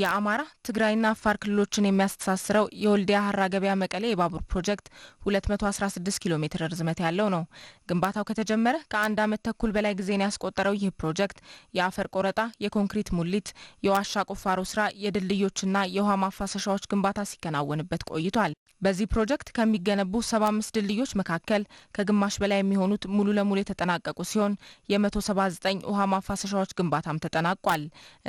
የአማራ ትግራይና አፋር ክልሎችን የሚያስተሳስረው የወልዲያ ሀራ ገበያ መቀሌ የባቡር ፕሮጀክት 216 ኪሎ ሜትር ርዝመት ያለው ነው። ግንባታው ከተጀመረ ከአንድ ዓመት ተኩል በላይ ጊዜን ያስቆጠረው ይህ ፕሮጀክት የአፈር ቆረጣ፣ የኮንክሪት ሙሊት፣ የዋሻ ቁፋሮ ስራ፣ የድልድዮችና የውሃ ማፋሰሻዎች ግንባታ ሲከናወንበት ቆይቷል። በዚህ ፕሮጀክት ከሚገነቡ 75 ድልድዮች መካከል ከግማሽ በላይ የሚሆኑት ሙሉ ለሙሉ የተጠናቀቁ ሲሆን የ179 ውሃ ማፋሰሻዎች ግንባታም ተጠናቋል።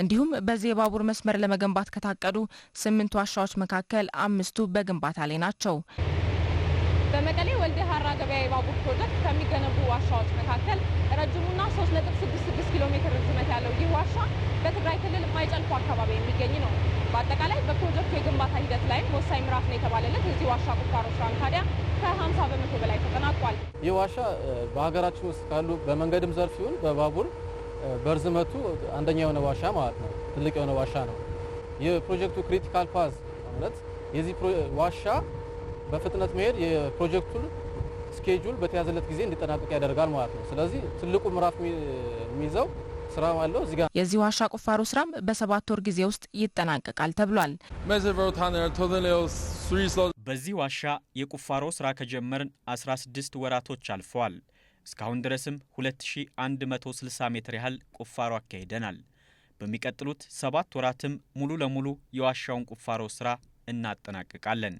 እንዲሁም በዚህ የባቡር መስመር ለመ ለመገንባት ከታቀዱ ስምንት ዋሻዎች መካከል አምስቱ በግንባታ ላይ ናቸው። በመቀሌ ወልደ ሀራ ገበያ የባቡር ፕሮጀክት ከሚገነቡ ዋሻዎች መካከል ረጅሙና 3.66 ኪሎ ሜትር ርዝመት ያለው ይህ ዋሻ በትግራይ ክልል ማይጨልፎ አካባቢ የሚገኝ ነው። በአጠቃላይ በፕሮጀክቱ የግንባታ ሂደት ላይም ወሳኝ ምዕራፍ ነው የተባለለት እዚህ ዋሻ ቁፋሮ ስራም ታዲያ ከ50 በመቶ በላይ ተጠናቋል። ይህ ዋሻ በሀገራችን ውስጥ ካሉ በመንገድም ዘርፍ ይሁን በባቡር በርዝመቱ አንደኛ የሆነ ዋሻ ማለት ነው። ትልቅ የሆነ ዋሻ ነው። የፕሮጀክቱ ክሪቲካል ፓዝ ማለት የዚህ ዋሻ በፍጥነት መሄድ የፕሮጀክቱን ስኬጁል በተያዘለት ጊዜ እንዲጠናቀቅ ያደርጋል ማለት ነው። ስለዚህ ትልቁ ምዕራፍ የሚይዘው ስራ አለው እዚህ ጋር የዚህ ዋሻ ቁፋሮ ስራም በሰባት ወር ጊዜ ውስጥ ይጠናቀቃል ተብሏል። በዚህ ዋሻ የቁፋሮ ስራ ከጀመርን 16 ወራቶች አልፈዋል። እስካሁን ድረስም 2160 ሜትር ያህል ቁፋሮ አካሂደናል። በሚቀጥሉት ሰባት ወራትም ሙሉ ለሙሉ የዋሻውን ቁፋሮ ስራ እናጠናቅቃለን።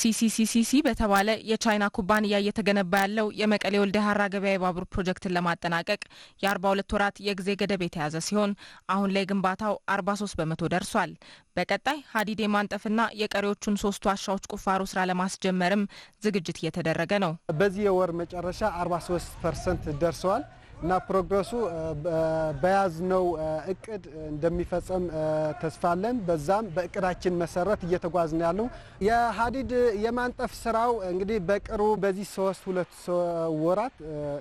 ሲሲሲሲሲ በተባለ የቻይና ኩባንያ እየተገነባ ያለው የመቀሌ ወልደ ሀራ ገበያ የባቡር ፕሮጀክትን ለማጠናቀቅ የአርባ ሁለት ወራት የጊዜ ገደብ የተያዘ ሲሆን አሁን ላይ ግንባታው አርባ ሶስት በመቶ ደርሷል። በቀጣይ ሀዲድ የማንጠፍና የቀሪዎቹን ሶስቱ ዋሻዎች ቁፋሮ ስራ ለማስጀመርም ዝግጅት እየተደረገ ነው። በዚህ የወር መጨረሻ አርባ ሶስት ፐርሰንት ደርሰዋል። እና ፕሮግረሱ በያዝነው እቅድ እንደሚፈጸም ተስፋ አለን። በዛም በእቅዳችን መሰረት እየተጓዝን ያለው የሀዲድ የማንጠፍ ስራው እንግዲህ በቅርቡ በዚህ ሶስት ሁለት ወራት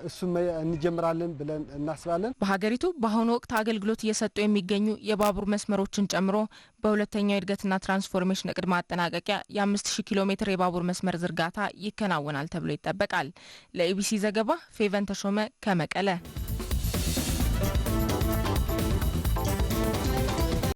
እሱ እንጀምራለን ብለን እናስባለን። በሀገሪቱ በአሁኑ ወቅት አገልግሎት እየሰጡ የሚገኙ የባቡር መስመሮችን ጨምሮ በሁለተኛው የእድገትና ትራንስፎርሜሽን እቅድ ማጠናቀቂያ የ5000 ኪሎ ሜትር የባቡር መስመር ዝርጋታ ይከናወናል ተብሎ ይጠበቃል። ለኢቢሲ ዘገባ ፌቨን ተሾመ ከመቀለ